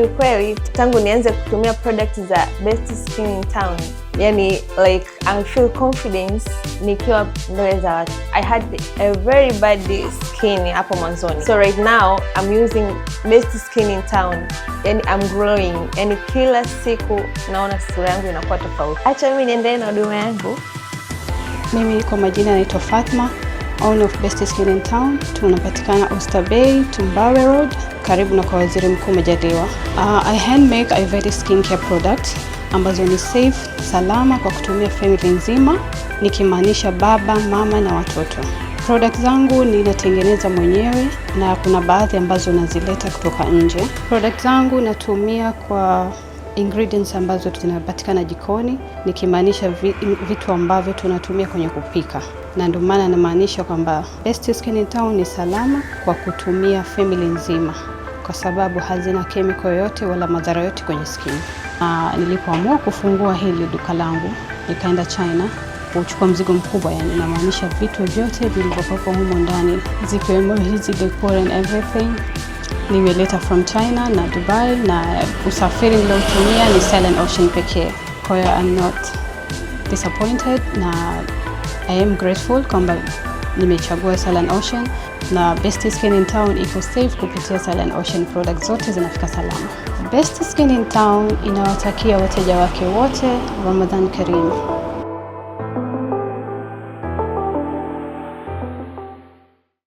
kiukweli tangu nianze kutumia product za Best Skin in Town, yani like I feel confidence nikiwa mbele za watu. I had a very bad skin hapo mwanzoni, so right now I'm using Best Skin in Town, yani I'm growing, yani kila siku naona sura yangu inakuwa tofauti. Acha mimi niendelee na huduma yangu. Mimi kwa majina naitwa Fatma One of best skin in town. Tunapatikana Oyster Bay, Tumbawe Road, karibu na kwa Waziri Mkuu Majaliwa. Uh, I hand make Ivete skincare product ambazo ni safe, salama kwa kutumia family nzima, nikimaanisha baba, mama na watoto. Product zangu ninatengeneza mwenyewe na kuna baadhi ambazo nazileta kutoka nje. Product zangu natumia kwa ingredients ambazo zinapatikana jikoni, nikimaanisha vitu ambavyo tunatumia kwenye kupika, na ndio maana namaanisha kwamba Best Skin in Town ni salama kwa kutumia family nzima, kwa sababu hazina kemiko yoyote wala madhara yote kwenye skin. Na nilipoamua kufungua hili duka langu, nikaenda China kuchukua mzigo mkubwa, yani namaanisha vitu vyote vilivyokuwepo humo ndani, zikiwemo hizi decor and everything nimeleta from China na Dubai, na usafiri niliotumia ni Silent Ocean pekee. Kwa hiyo I'm not disappointed na I am grateful kwamba nimechagua Silent Ocean na Best Skin in Town iko safe kupitia Silent Ocean, products zote zinafika salama. Best Skin in Town inawatakia wateja wake wote Ramadan Karim.